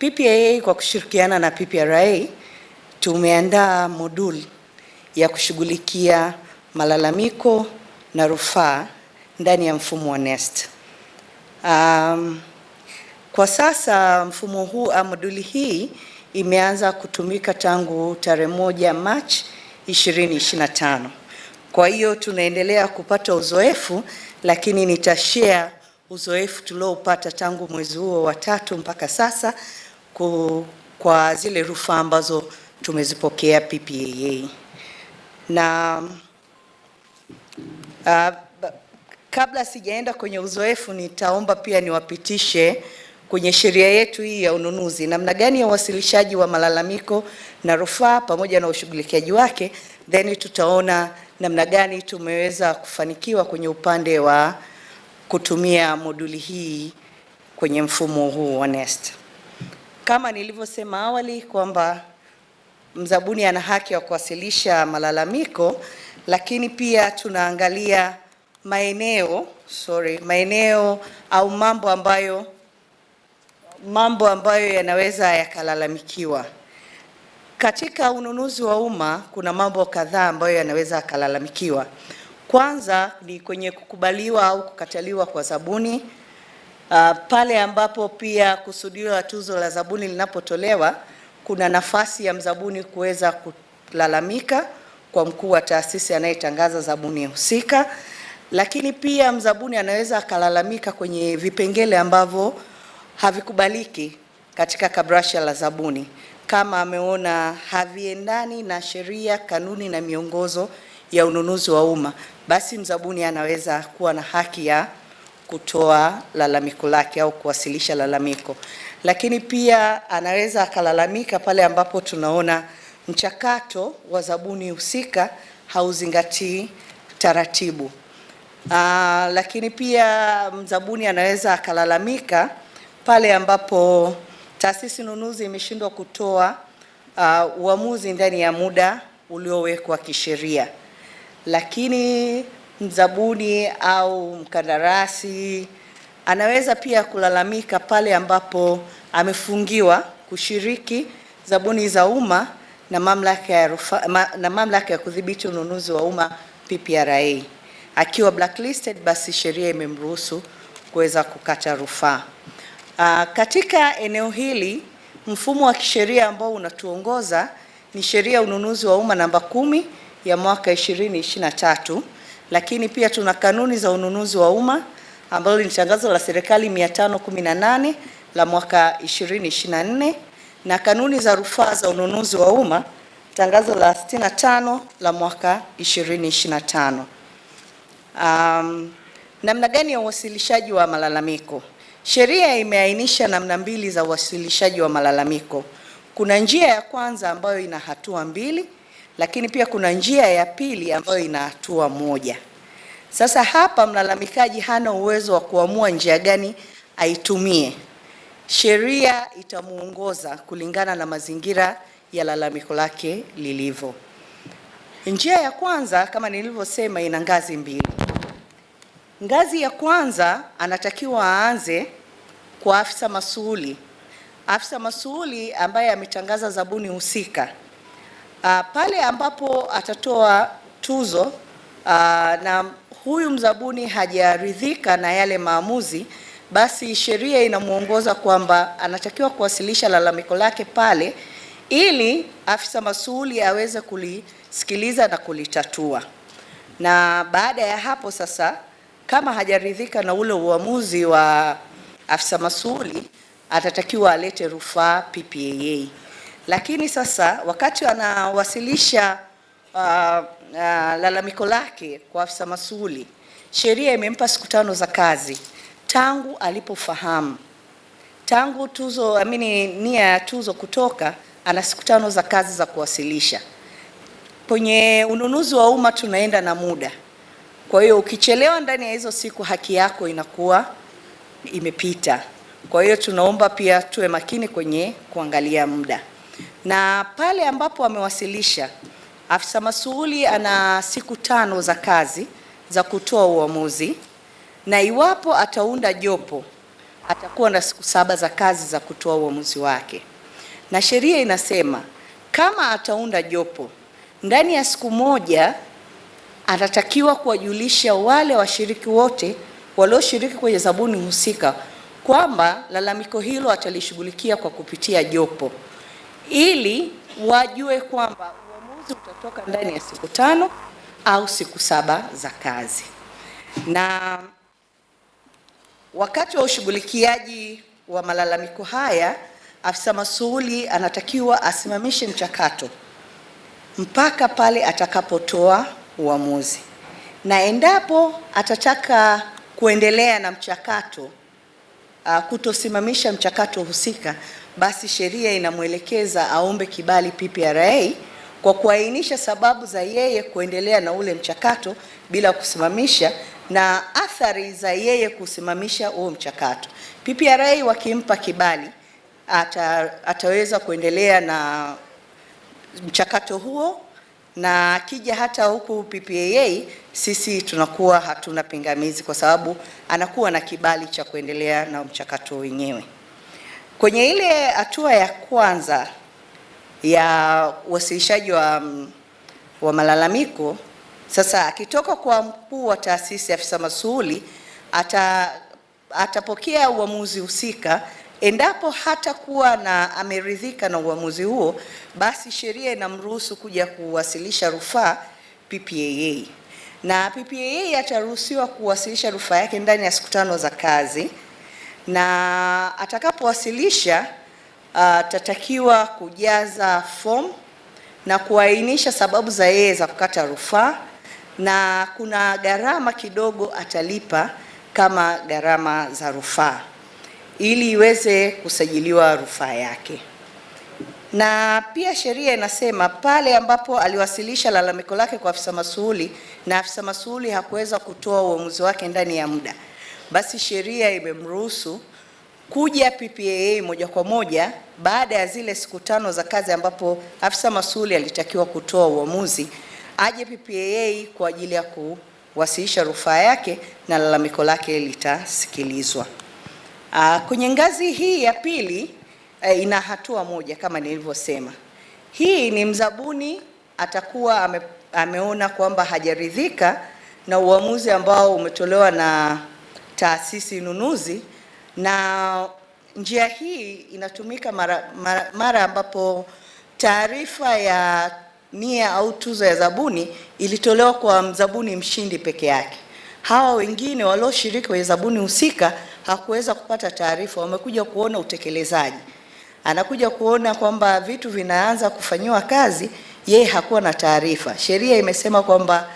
ppa kwa kushirikiana na PPRA tumeandaa moduli ya kushughulikia malalamiko na rufaa ndani ya mfumo wa NeST. Um, kwa sasa mfumo huu au ah, moduli hii imeanza kutumika tangu tarehe moja Machi 2025. Kwa hiyo tunaendelea kupata uzoefu, lakini nitashare uzoefu tuliopata tangu mwezi huo wa tatu mpaka sasa kwa zile rufaa ambazo tumezipokea PPAA na uh, kabla sijaenda kwenye uzoefu, nitaomba pia niwapitishe kwenye sheria yetu hii ya ununuzi, namna gani ya uwasilishaji wa malalamiko na rufaa pamoja na ushughulikiaji wake, then tutaona namna gani tumeweza kufanikiwa kwenye upande wa kutumia moduli hii kwenye mfumo huu wa NeST. Kama nilivyosema awali kwamba mzabuni ana haki ya kuwasilisha malalamiko, lakini pia tunaangalia maeneo sorry, maeneo au mambo ambayo mambo ambayo yanaweza yakalalamikiwa katika ununuzi wa umma. Kuna mambo kadhaa ambayo yanaweza yakalalamikiwa. Kwanza ni kwenye kukubaliwa au kukataliwa kwa zabuni. Uh, pale ambapo pia kusudio la tuzo la zabuni linapotolewa kuna nafasi ya mzabuni kuweza kulalamika kwa mkuu wa taasisi anayetangaza zabuni husika, lakini pia mzabuni anaweza akalalamika kwenye vipengele ambavyo havikubaliki katika kabrasha la zabuni kama ameona haviendani na sheria, kanuni na miongozo ya ununuzi wa umma, basi mzabuni anaweza kuwa na haki ya kutoa lalamiko lake au kuwasilisha lalamiko, lakini pia anaweza akalalamika pale ambapo tunaona mchakato wa zabuni husika hauzingatii taratibu. Aa, ah, lakini pia mzabuni anaweza akalalamika pale ambapo taasisi nunuzi imeshindwa kutoa uh, uamuzi ndani ya muda uliowekwa kisheria, lakini mzabuni au mkandarasi anaweza pia kulalamika pale ambapo amefungiwa kushiriki zabuni za umma na mamlaka ya rufa, ma, na mamlaka ya kudhibiti ununuzi wa umma PPRA. Akiwa blacklisted, basi sheria imemruhusu kuweza kukata rufaa. Ah, katika eneo hili mfumo wa kisheria ambao unatuongoza ni sheria ya ununuzi wa umma namba kumi ya mwaka 2023 lakini pia tuna kanuni za ununuzi wa umma ambalo ni tangazo la serikali 518 la mwaka 2024 na kanuni za rufaa za ununuzi wa umma tangazo la 65 la mwaka 2025. Um, namna gani ya uwasilishaji wa malalamiko? Sheria imeainisha namna mbili za uwasilishaji wa malalamiko. Kuna njia ya kwanza ambayo ina hatua mbili lakini pia kuna njia ya pili ambayo ina hatua moja. Sasa hapa mlalamikaji hana uwezo wa kuamua njia gani aitumie. Sheria itamuongoza kulingana na mazingira ya lalamiko lake lilivyo. Njia ya kwanza kama nilivyosema, ina ngazi mbili. Ngazi ya kwanza anatakiwa aanze kwa afisa masuuli, afisa masuuli ambaye ametangaza zabuni husika. Uh, pale ambapo atatoa tuzo uh, na huyu mzabuni hajaridhika na yale maamuzi, basi sheria inamwongoza kwamba anatakiwa kuwasilisha lalamiko lake pale ili afisa masuuli aweze kulisikiliza na kulitatua. Na baada ya hapo sasa, kama hajaridhika na ule uamuzi wa afisa masuuli, atatakiwa alete rufaa PPAA. Lakini sasa wakati anawasilisha uh, uh, lalamiko lake kwa afisa masuuli, sheria imempa siku tano za kazi tangu alipofahamu. Tangu tuzo amini nia ya tuzo kutoka, ana siku tano za kazi za kuwasilisha. Kwenye ununuzi wa umma tunaenda na muda, kwa hiyo ukichelewa ndani ya hizo siku haki yako inakuwa imepita. Kwa hiyo tunaomba pia tuwe makini kwenye kuangalia muda na pale ambapo amewasilisha, afisa masuuli ana siku tano za kazi za kutoa uamuzi, na iwapo ataunda jopo atakuwa na siku saba za kazi za kutoa uamuzi wake, na sheria inasema kama ataunda jopo ndani ya siku moja anatakiwa kuwajulisha wale washiriki wote walioshiriki kwenye zabuni husika kwamba lalamiko hilo atalishughulikia kwa kupitia jopo ili wajue kwamba uamuzi utatoka ndani ya siku tano au siku saba za kazi. Na wakati wa ushughulikiaji wa malalamiko haya, afisa masuuli anatakiwa asimamishe mchakato mpaka pale atakapotoa uamuzi, na endapo atataka kuendelea na mchakato, uh, kutosimamisha mchakato husika basi sheria inamwelekeza aombe kibali PPRA kwa kuainisha sababu za yeye kuendelea na ule mchakato bila kusimamisha na athari za yeye kusimamisha huo mchakato. PPRA wakimpa kibali ata, ataweza kuendelea na mchakato huo na akija hata huku PPAA sisi tunakuwa hatuna pingamizi kwa sababu anakuwa na kibali cha kuendelea na mchakato wenyewe. Kwenye ile hatua ya kwanza ya uwasilishaji wa, mm, wa malalamiko, sasa akitoka kwa mkuu wa taasisi afisa masuhuli ata, atapokea uamuzi husika. Endapo hatakuwa na ameridhika na uamuzi huo, basi sheria inamruhusu kuja kuwasilisha rufaa PPAA, na PPAA ataruhusiwa kuwasilisha rufaa yake ndani ya siku tano za kazi na atakapowasilisha uh, atatakiwa uh, kujaza fomu na kuainisha sababu za yeye za kukata rufaa, na kuna gharama kidogo atalipa kama gharama za rufaa ili iweze kusajiliwa rufaa yake. Na pia sheria inasema pale ambapo aliwasilisha lalamiko lake kwa afisa masuhuli na afisa masuhuli hakuweza kutoa uamuzi wake ndani ya muda basi sheria imemruhusu kuja PPAA moja kwa moja baada ya zile siku tano za kazi ambapo afisa masuli alitakiwa kutoa uamuzi, aje PPAA kwa ajili ya kuwasilisha rufaa yake na lalamiko lake litasikilizwa. Ah, kwenye ngazi hii ya pili eh, ina hatua moja kama nilivyosema. Hii ni mzabuni atakuwa ame, ameona kwamba hajaridhika na uamuzi ambao umetolewa na taasisi nunuzi, na njia hii inatumika mara, mara, mara ambapo taarifa ya nia au tuzo ya zabuni ilitolewa kwa mzabuni mshindi peke yake. Hawa wengine walioshiriki kwenye zabuni husika hakuweza kupata taarifa, wamekuja kuona utekelezaji, anakuja kuona kwamba vitu vinaanza kufanyiwa kazi, yeye hakuwa na taarifa. Sheria imesema kwamba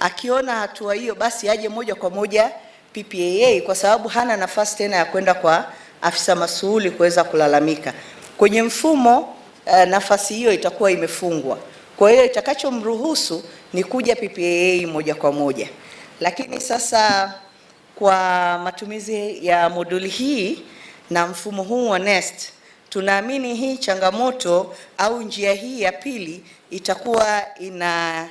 akiona hatua hiyo, basi aje moja kwa moja PPAA kwa sababu hana nafasi tena ya kwenda kwa afisa masuuli kuweza kulalamika kwenye mfumo. Uh, nafasi hiyo itakuwa imefungwa, kwa hiyo itakachomruhusu ni kuja PPAA moja kwa moja. Lakini sasa kwa matumizi ya moduli hii na mfumo huu wa NeST tunaamini hii changamoto au njia hii ya pili itakuwa ina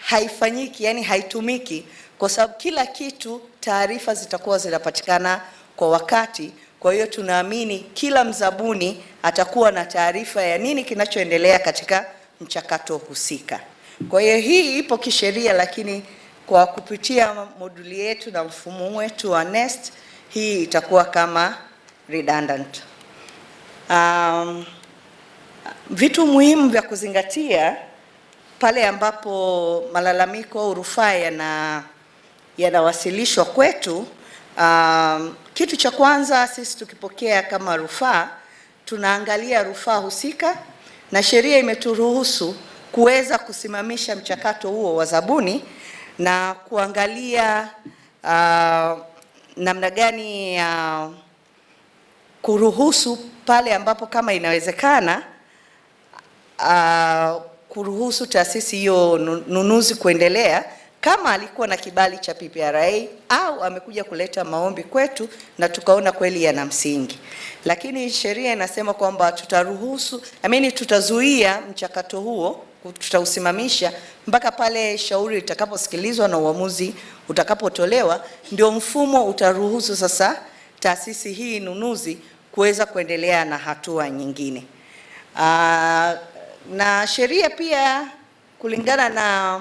haifanyiki, yani haitumiki kwa sababu kila kitu, taarifa zitakuwa zinapatikana kwa wakati. Kwa hiyo tunaamini kila mzabuni atakuwa na taarifa ya nini kinachoendelea katika mchakato husika. Kwa hiyo hii ipo kisheria, lakini kwa kupitia moduli yetu na mfumo wetu wa NeST hii itakuwa kama redundant. Um, vitu muhimu vya kuzingatia pale ambapo malalamiko au rufaa yana yanawasilishwa kwetu, um, kitu cha kwanza sisi tukipokea kama rufaa tunaangalia rufaa husika, na sheria imeturuhusu kuweza kusimamisha mchakato huo wa zabuni na kuangalia uh, namna gani ya uh, kuruhusu pale ambapo kama inawezekana uh, kuruhusu taasisi hiyo nunuzi kuendelea kama alikuwa na kibali cha PPRA au amekuja kuleta maombi kwetu na tukaona kweli yana msingi. Lakini sheria inasema kwamba tutaruhusu, I mean, tutazuia mchakato huo, tutausimamisha mpaka pale shauri litakaposikilizwa na uamuzi utakapotolewa, ndio mfumo utaruhusu sasa taasisi hii nunuzi kuweza kuendelea na hatua nyingine. Aa, ah, na sheria pia kulingana na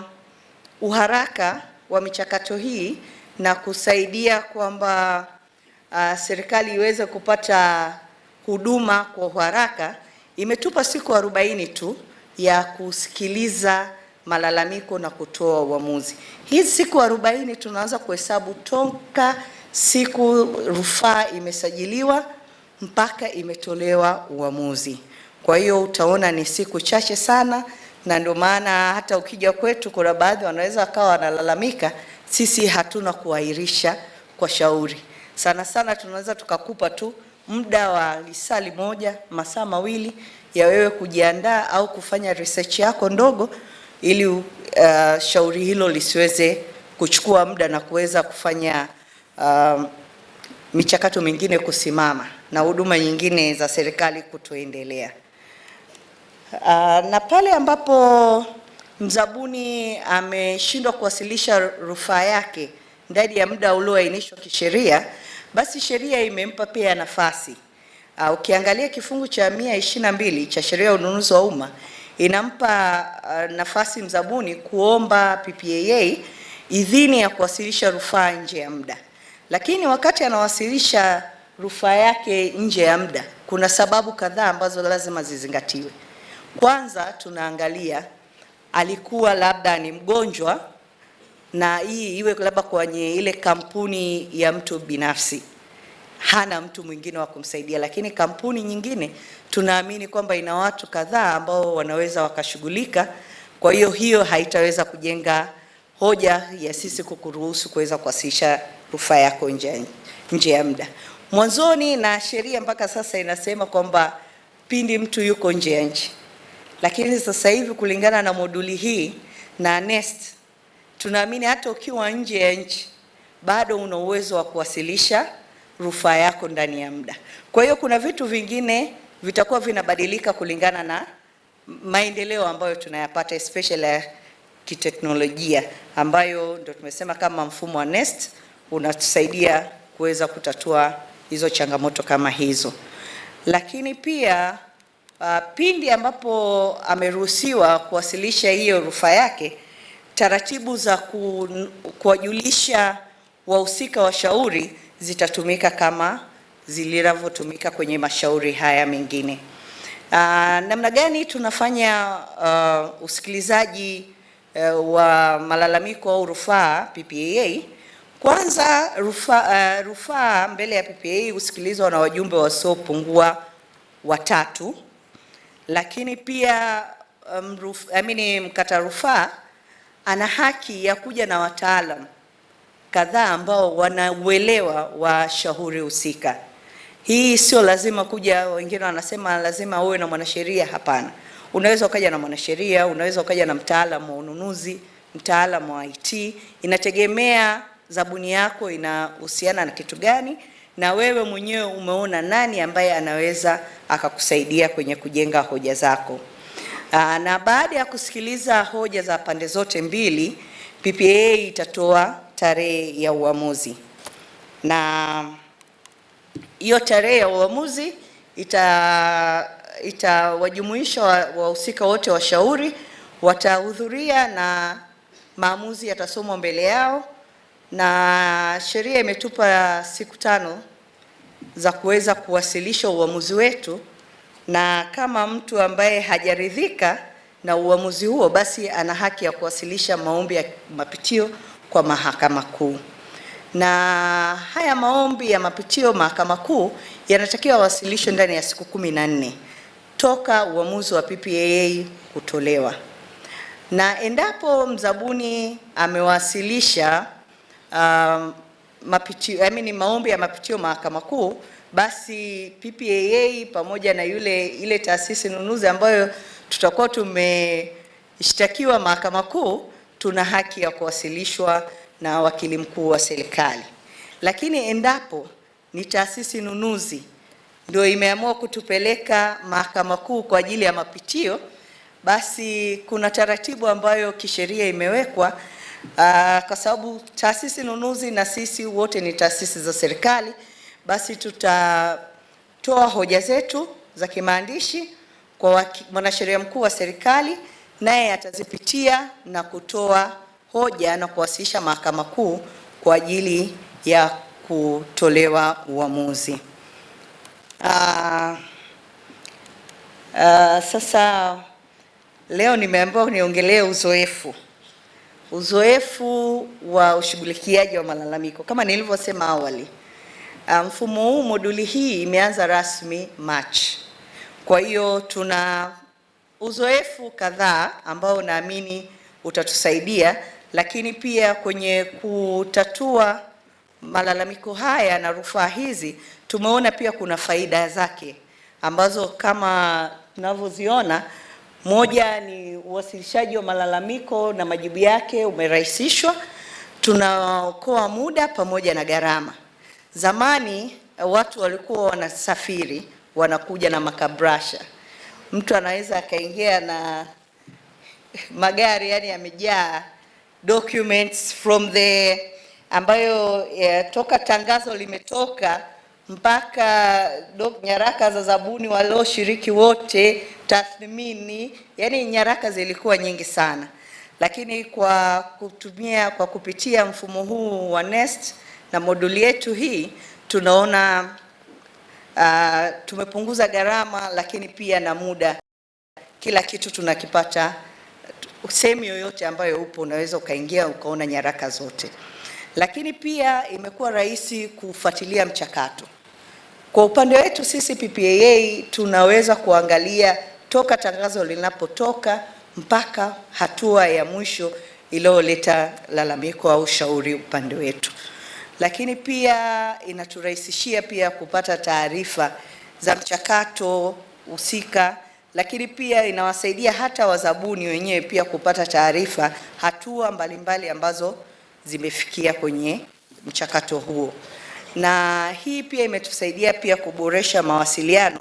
uharaka wa michakato hii na kusaidia kwamba uh, serikali iweze kupata huduma kwa uharaka, imetupa siku arobaini tu ya kusikiliza malalamiko na kutoa uamuzi. Hizi siku arobaini tunaanza kuhesabu toka siku rufaa imesajiliwa mpaka imetolewa uamuzi. Kwa hiyo utaona ni siku chache sana na ndio maana hata ukija kwetu kuna baadhi wanaweza wakawa wanalalamika, sisi hatuna kuahirisha kwa shauri. Sana sana tunaweza tukakupa tu muda wa lisali moja masaa mawili ya wewe kujiandaa au kufanya research yako ndogo ili uh, shauri hilo lisiweze kuchukua muda na kuweza kufanya uh, michakato mingine kusimama na huduma nyingine za serikali kutoendelea. Uh, na pale ambapo mzabuni ameshindwa kuwasilisha rufaa yake ndani ya muda ulioainishwa kisheria, basi sheria imempa pia nafasi uh, ukiangalia kifungu cha mia ishirini na mbili cha sheria ya ununuzi wa umma inampa uh, nafasi mzabuni kuomba PPAA idhini ya kuwasilisha rufaa nje ya muda, lakini wakati anawasilisha rufaa yake nje ya muda kuna sababu kadhaa ambazo lazima zizingatiwe. Kwanza tunaangalia alikuwa labda ni mgonjwa, na hii iwe labda kwenye ile kampuni ya mtu binafsi, hana mtu mwingine wa kumsaidia, lakini kampuni nyingine tunaamini kwamba ina watu kadhaa ambao wanaweza wakashughulika. Kwa hiyo hiyo haitaweza kujenga hoja ya sisi kukuruhusu kuweza kuwasilisha rufaa yako nje nje ya muda mwanzoni, na sheria mpaka sasa inasema kwamba pindi mtu yuko nje ya nchi lakini sasa hivi kulingana na moduli hii na NeST tunaamini hata ukiwa nje ya nchi bado una uwezo wa kuwasilisha rufaa yako ndani ya muda. Kwa hiyo kuna vitu vingine vitakuwa vinabadilika kulingana na maendeleo ambayo tunayapata especially ya kiteknolojia ambayo ndio tumesema kama mfumo wa NeST unatusaidia kuweza kutatua hizo changamoto kama hizo, lakini pia Uh, pindi ambapo ameruhusiwa kuwasilisha hiyo rufaa yake, taratibu za kuwajulisha wahusika wa shauri zitatumika kama zilivyotumika kwenye mashauri haya mengine. Uh, namna gani tunafanya uh, usikilizaji uh, wa malalamiko au rufaa PPAA? Kwanza rufaa uh, eh, rufaa mbele ya PPAA husikilizwa na wajumbe wasiopungua watatu lakini pia amini um, mkata rufaa ana haki ya kuja na wataalam kadhaa ambao wanauelewa wa shauri husika. Hii sio lazima kuja, wengine wanasema lazima uwe na mwanasheria. Hapana, unaweza ukaja na mwanasheria, unaweza ukaja na mtaalam wa ununuzi, mtaalam wa IT, inategemea zabuni yako inahusiana na kitu gani na wewe mwenyewe umeona nani ambaye anaweza akakusaidia kwenye kujenga hoja zako. Aa, ah, na baada ya kusikiliza hoja za pande zote mbili, PPAA itatoa tarehe ya uamuzi, na hiyo tarehe ya uamuzi ita itawajumuisha wahusika wa wote, washauri watahudhuria na maamuzi yatasomwa mbele yao na sheria imetupa siku tano za kuweza kuwasilisha uamuzi wetu, na kama mtu ambaye hajaridhika na uamuzi huo, basi ana haki ya kuwasilisha maombi ya mapitio kwa Mahakama Kuu. Na haya maombi ya mapitio Mahakama Kuu yanatakiwa wasilishwe ndani ya siku kumi na nne toka uamuzi wa PPAA kutolewa, na endapo mzabuni amewasilisha um, mapitio, I mean, maombi ya mapitio mahakama kuu, basi PPAA pamoja na yule ile taasisi nunuzi ambayo tutakuwa tumeshtakiwa mahakama kuu, tuna haki ya kuwasilishwa na wakili mkuu wa serikali, lakini endapo ni taasisi nunuzi ndio imeamua kutupeleka mahakama kuu kwa ajili ya mapitio, basi kuna taratibu ambayo kisheria imewekwa Uh, kwa sababu taasisi nunuzi na sisi wote ni taasisi za serikali, basi tutatoa hoja zetu za kimaandishi kwa mwanasheria mkuu wa serikali, naye atazipitia na kutoa hoja na kuwasilisha Mahakama Kuu kwa ajili ya kutolewa uamuzi. Uh, uh, sasa leo nimeambiwa niongelee uzoefu. Uzoefu wa ushughulikiaji wa malalamiko, kama nilivyosema awali, um, mfumo huu moduli hii imeanza rasmi March, Kwa hiyo tuna uzoefu kadhaa ambao naamini utatusaidia, lakini pia kwenye kutatua malalamiko haya na rufaa hizi tumeona pia kuna faida zake ambazo kama tunavyoziona moja ni uwasilishaji wa malalamiko na majibu yake umerahisishwa, tunaokoa muda pamoja na gharama. Zamani watu walikuwa wanasafiri wanakuja na makabrasha, mtu anaweza akaingia na magari yani yamejaa documents from the ambayo yeah, toka tangazo limetoka mpaka nyaraka za zabuni walioshiriki wote, tathmini, yani nyaraka zilikuwa nyingi sana, lakini kwa kutumia kwa kupitia mfumo huu wa NeST na moduli yetu hii tunaona uh, tumepunguza gharama, lakini pia na muda. Kila kitu tunakipata sehemu yoyote ambayo upo, unaweza ukaingia ukaona nyaraka zote, lakini pia imekuwa rahisi kufuatilia mchakato. Kwa upande wetu sisi PPAA tunaweza kuangalia toka tangazo linapotoka mpaka hatua ya mwisho iliyoleta lalamiko au shauri upande wetu, lakini pia inaturahisishia pia kupata taarifa za mchakato husika, lakini pia inawasaidia hata wazabuni wenyewe pia kupata taarifa hatua mbalimbali ambazo zimefikia kwenye mchakato huo na hii pia imetusaidia pia kuboresha mawasiliano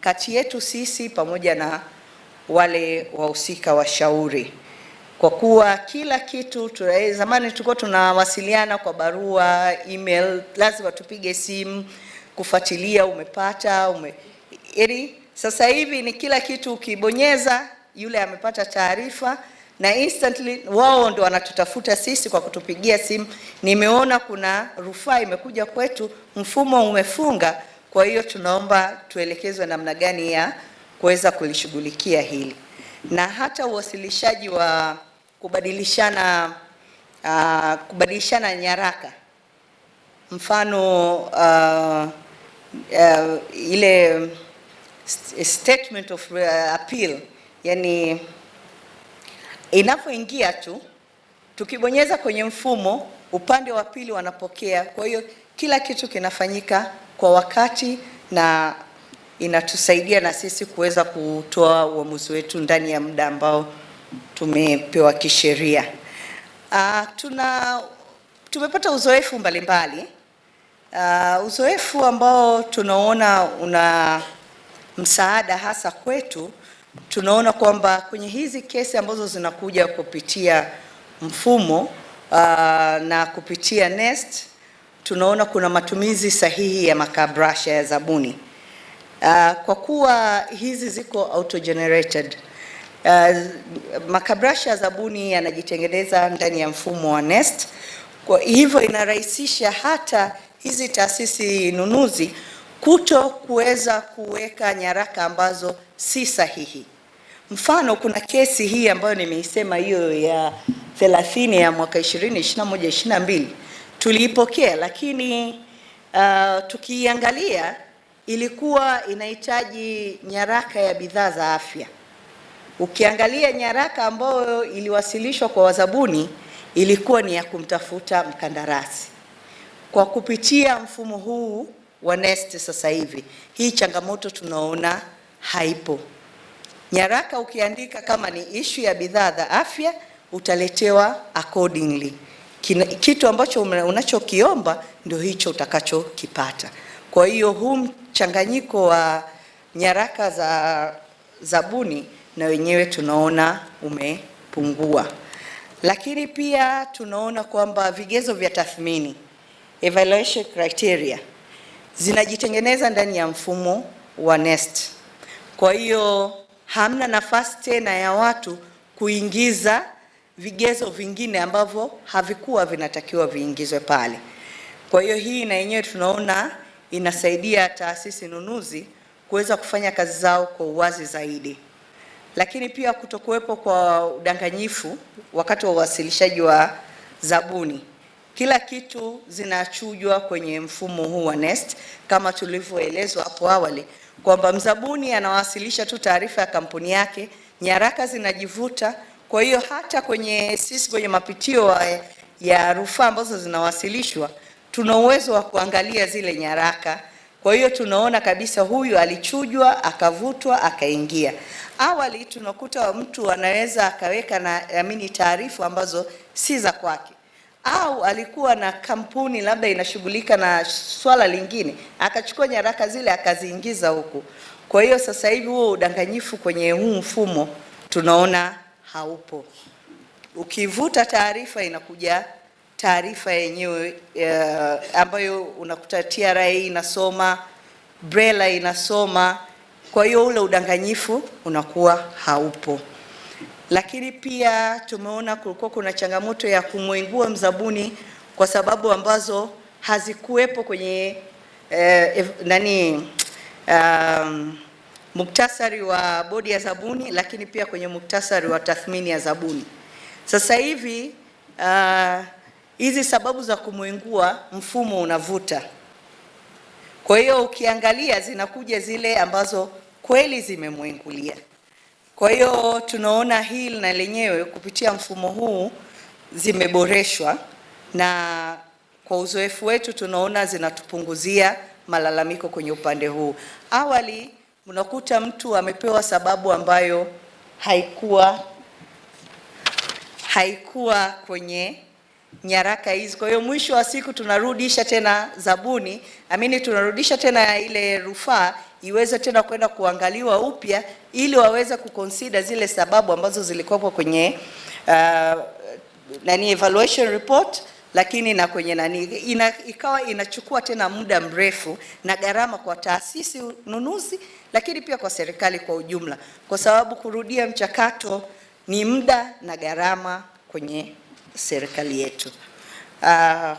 kati yetu sisi pamoja na wale wahusika washauri, kwa kuwa kila kitu tuna, zamani tulikuwa tunawasiliana kwa barua, email, lazima tupige simu kufuatilia umepata ume, yaani sasa hivi ni kila kitu ukibonyeza, yule amepata taarifa na instantly wao ndio wanatutafuta sisi kwa kutupigia simu, nimeona kuna rufaa imekuja kwetu, mfumo umefunga, kwa hiyo tunaomba tuelekezwe namna gani ya kuweza kulishughulikia hili. Na hata uwasilishaji wa kubadilishana uh, kubadilishana nyaraka mfano uh, uh, ile statement of appeal yani Inapoingia tu tukibonyeza kwenye mfumo, upande wa pili wanapokea. Kwa hiyo kila kitu kinafanyika kwa wakati na inatusaidia na sisi kuweza kutoa uamuzi wetu ndani ya muda ambao tumepewa kisheria. Uh, tuna tumepata uzoefu mbalimbali mbali. Uh, uzoefu ambao tunaona una msaada hasa kwetu tunaona kwamba kwenye hizi kesi ambazo zinakuja kupitia mfumo uh, na kupitia NeST tunaona kuna matumizi sahihi ya makabrasha ya zabuni. Uh, kwa kuwa hizi ziko auto generated uh, makabrasha ya zabuni yanajitengeneza ndani ya mfumo wa NeST. Kwa hivyo inarahisisha hata hizi taasisi nunuzi kuto kuweza kuweka nyaraka ambazo si sahihi. Mfano, kuna kesi hii ambayo nimeisema hiyo ya 30 ya mwaka 2021 22 tuliipokea, lakini uh, tukiiangalia ilikuwa inahitaji nyaraka ya bidhaa za afya. Ukiangalia nyaraka ambayo iliwasilishwa kwa wazabuni ilikuwa ni ya kumtafuta mkandarasi. Kwa kupitia mfumo huu wa NeST sasa hivi, hii changamoto tunaona haipo. Nyaraka ukiandika kama ni ishu ya bidhaa za afya utaletewa accordingly. Kitu ambacho unachokiomba ndio hicho utakachokipata. Kwa hiyo huu mchanganyiko wa nyaraka za zabuni na wenyewe tunaona umepungua, lakini pia tunaona kwamba vigezo vya tathmini evaluation criteria zinajitengeneza ndani ya mfumo wa NeST. Kwa hiyo hamna nafasi tena ya watu kuingiza vigezo vingine ambavyo havikuwa vinatakiwa viingizwe pale. Kwa hiyo hii na yenyewe tunaona inasaidia taasisi nunuzi kuweza kufanya kazi zao kwa uwazi zaidi, lakini pia kutokuwepo kwa udanganyifu wakati wa uwasilishaji wa zabuni. Kila kitu zinachujwa kwenye mfumo huu wa NeST kama tulivyoelezwa hapo awali kwamba mzabuni anawasilisha tu taarifa ya kampuni yake, nyaraka zinajivuta. Kwa hiyo hata kwenye sisi kwenye mapitio ya rufaa ambazo zinawasilishwa tuna uwezo wa kuangalia zile nyaraka. Kwa hiyo tunaona kabisa huyu alichujwa, akavutwa, akaingia. Awali tunakuta mtu anaweza akaweka na amini taarifa ambazo si za kwake au alikuwa na kampuni labda inashughulika na swala lingine, akachukua nyaraka zile akaziingiza huku. Kwa hiyo sasa hivi huo udanganyifu kwenye huu mfumo tunaona haupo. Ukivuta taarifa inakuja taarifa yenyewe uh, ambayo unakuta TRA inasoma, BRELA inasoma. Kwa hiyo ule udanganyifu unakuwa haupo lakini pia tumeona kulikuwa kuna changamoto ya kumwengua mzabuni kwa sababu ambazo hazikuwepo kwenye eh, nani um, muktasari wa bodi ya zabuni, lakini pia kwenye muktasari wa tathmini ya zabuni. Sasa hivi ah, hizi uh, sababu za kumwengua mfumo unavuta. Kwa hiyo ukiangalia zinakuja zile ambazo kweli zimemwengulia. Kwa hiyo tunaona hili na lenyewe kupitia mfumo huu zimeboreshwa, na kwa uzoefu wetu tunaona zinatupunguzia malalamiko kwenye upande huu. Awali unakuta mtu amepewa sababu ambayo haikuwa haikuwa kwenye nyaraka hizi. Kwa hiyo mwisho wa siku tunarudisha tena zabuni, amini tunarudisha tena ile rufaa iweze tena kwenda kuangaliwa upya ili waweze kukonsida zile sababu ambazo zilikuwa kwenye uh, nani evaluation report lakini na kwenye nani ina, ikawa inachukua tena muda mrefu na gharama kwa taasisi nunuzi, lakini pia kwa serikali kwa ujumla, kwa sababu kurudia mchakato ni muda na gharama kwenye serikali yetu. Uh,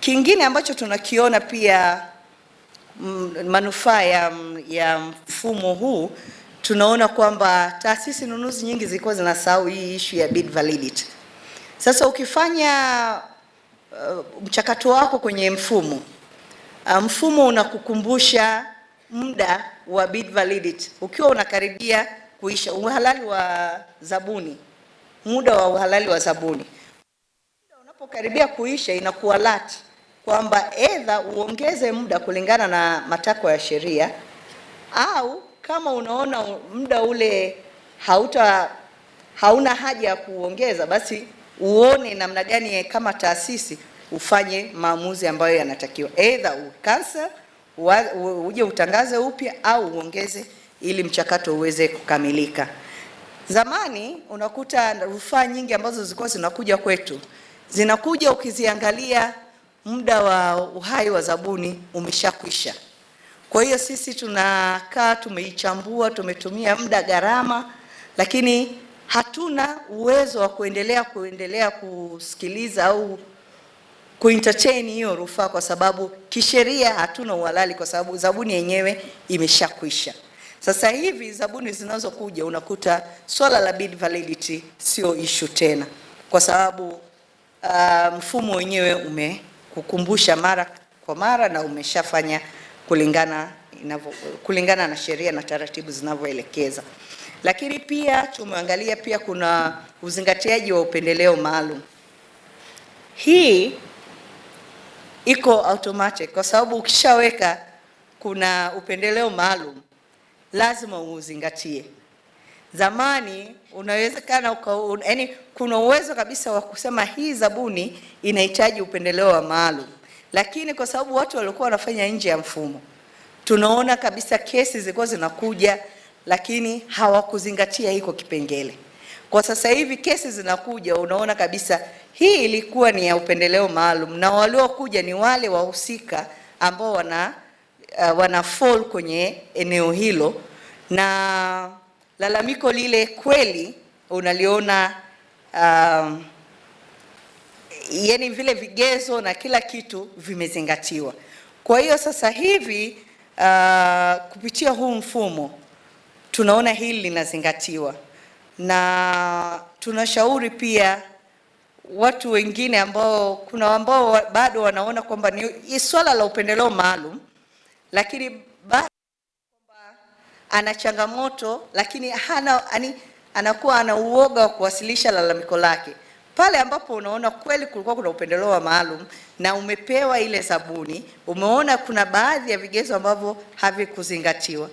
kingine ambacho tunakiona pia manufaa ya, ya mfumo huu tunaona kwamba taasisi nunuzi nyingi zilikuwa zinasahau hii issue ya bid validity. Sasa ukifanya uh, mchakato wako kwenye mfumo uh, mfumo unakukumbusha muda wa bid validity ukiwa unakaribia kuisha, uhalali wa zabuni, muda wa uhalali wa zabuni unapokaribia kuisha inakuwa lati kwamba edha uongeze muda kulingana na matakwa ya sheria au kama unaona muda ule hauta hauna haja ya kuuongeza, basi uone namna gani kama taasisi ufanye maamuzi ambayo yanatakiwa, edha ukansa uje utangaze upya au uongeze ili mchakato uweze kukamilika. Zamani unakuta rufaa nyingi ambazo zilikuwa zinakuja kwetu zinakuja ukiziangalia muda wa uhai wa zabuni umeshakwisha. Kwa hiyo sisi tunakaa tumeichambua, tumetumia muda, gharama, lakini hatuna uwezo wa kuendelea kuendelea kusikiliza au kuentertain hiyo rufaa, kwa sababu kisheria hatuna uhalali, kwa sababu zabuni yenyewe imeshakwisha. Sasa hivi zabuni zinazokuja unakuta swala la bid validity sio issue tena, kwa sababu uh, mfumo wenyewe ume kukumbusha mara kwa mara na umeshafanya kulingana, inavyo, kulingana na sheria na taratibu zinavyoelekeza. Lakini pia tumeangalia pia kuna uzingatiaji wa upendeleo maalum. Hii iko automatic kwa sababu ukishaweka kuna upendeleo maalum lazima uuzingatie. Zamani unawezekana yani kuna uwezo kabisa wa kusema hii zabuni inahitaji upendeleo wa maalum, lakini kwa sababu watu walikuwa wanafanya nje ya mfumo, tunaona kabisa kesi zilikuwa zinakuja, lakini hawakuzingatia hiko kipengele. Kwa sasa hivi kesi zinakuja, unaona kabisa hii ilikuwa ni ya upendeleo maalum, na waliokuja ni wale wahusika ambao wana, uh, wana fall kwenye eneo hilo na lalamiko lile kweli unaliona um, yani vile vigezo na kila kitu vimezingatiwa. Kwa hiyo sasa hivi uh, kupitia huu mfumo tunaona hili linazingatiwa, na tunashauri pia watu wengine ambao kuna ambao bado wanaona kwamba ni swala la upendeleo maalum, lakini ana changamoto lakini hana ani, anakuwa ana uoga wa kuwasilisha lalamiko lake. Pale ambapo unaona kweli kulikuwa kuna upendeleo wa maalum na umepewa ile zabuni, umeona kuna baadhi ya vigezo ambavyo havikuzingatiwa,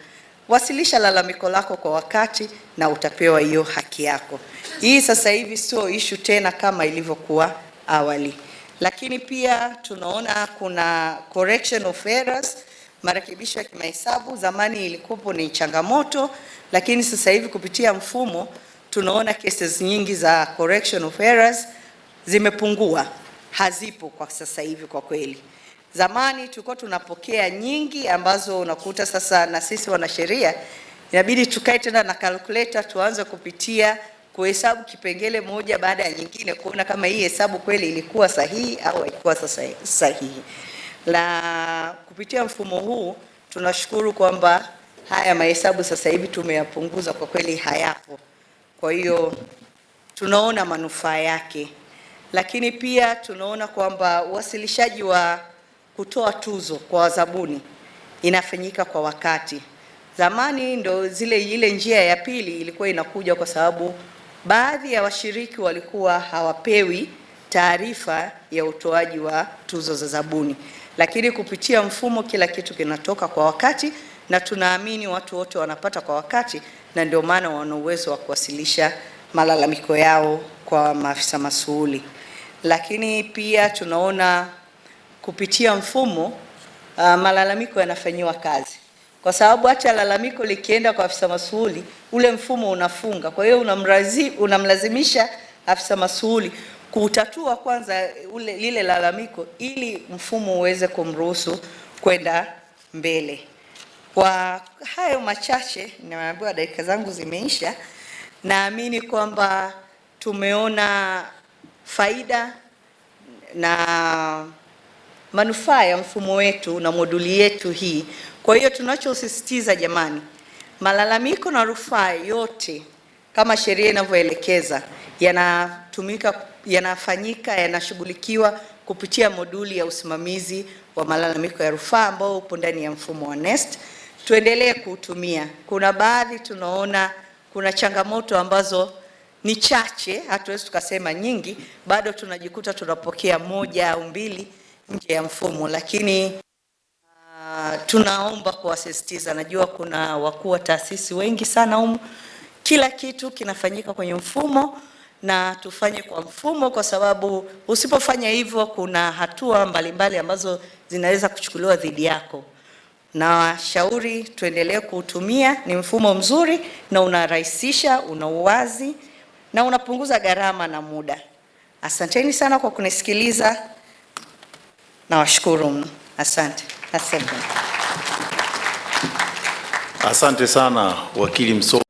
wasilisha lalamiko lako kwa wakati na utapewa hiyo haki yako. Hii sasa hivi sio ishu tena kama ilivyokuwa awali, lakini pia tunaona kuna correction of errors marekebisho ya kimahesabu. Zamani ilikuwa ni changamoto, lakini sasa hivi kupitia mfumo tunaona cases nyingi za correction of errors zimepungua, hazipo kwa sasa hivi. Kwa kweli, zamani tulikuwa tunapokea nyingi ambazo unakuta sasa, na sisi wanasheria inabidi tukae tena na calculator tuanze kupitia kuhesabu kipengele moja baada ya nyingine kuona kama hii hesabu kweli ilikuwa sahihi au haikuwa sahihi na kupitia mfumo huu tunashukuru kwamba haya mahesabu sasa hivi tumeyapunguza, kwa kweli hayapo. Kwa hiyo tunaona manufaa yake, lakini pia tunaona kwamba uwasilishaji wa kutoa tuzo kwa wazabuni inafanyika kwa wakati. Zamani ndo zile ile njia ya pili ilikuwa inakuja, kwa sababu baadhi ya washiriki walikuwa hawapewi taarifa ya utoaji wa tuzo za zabuni lakini kupitia mfumo kila kitu kinatoka kwa wakati, na tunaamini watu wote wanapata kwa wakati, na ndio maana wana uwezo wa kuwasilisha malalamiko yao kwa maafisa masuhuli. Lakini pia tunaona kupitia mfumo uh, malalamiko yanafanyiwa kazi, kwa sababu hata lalamiko likienda kwa afisa masuhuli ule mfumo unafunga. Kwa hiyo unamlazimisha afisa masuhuli kutatua kwanza ule, lile lalamiko ili mfumo uweze kumruhusu kwenda mbele. Kwa hayo machache, nimeambiwa dakika zangu zimeisha. Naamini kwamba tumeona faida na manufaa ya mfumo wetu na moduli yetu hii. Kwa hiyo tunachosisitiza jamani, malalamiko na rufaa yote kama sheria inavyoelekeza yanatumika yanafanyika yanashughulikiwa kupitia moduli ya usimamizi wa malalamiko ya rufaa ambao upo ndani ya mfumo wa NeST. Tuendelee kuutumia. Kuna baadhi tunaona kuna changamoto ambazo ni chache, hatuwezi tukasema nyingi, bado tunajikuta tunapokea moja au mbili nje ya mfumo, lakini uh, tunaomba kuwasisitiza. Najua kuna wakuu wa taasisi wengi sana humu, kila kitu kinafanyika kwenye mfumo na tufanye kwa mfumo, kwa sababu usipofanya hivyo kuna hatua mbalimbali mbali ambazo zinaweza kuchukuliwa dhidi yako. Nawashauri tuendelee kuutumia, ni mfumo mzuri na unarahisisha, una uwazi na unapunguza gharama na muda. Asanteni sana kwa kunisikiliza, nawashukuru mno. Asante, asante, asante sana wakili Mso.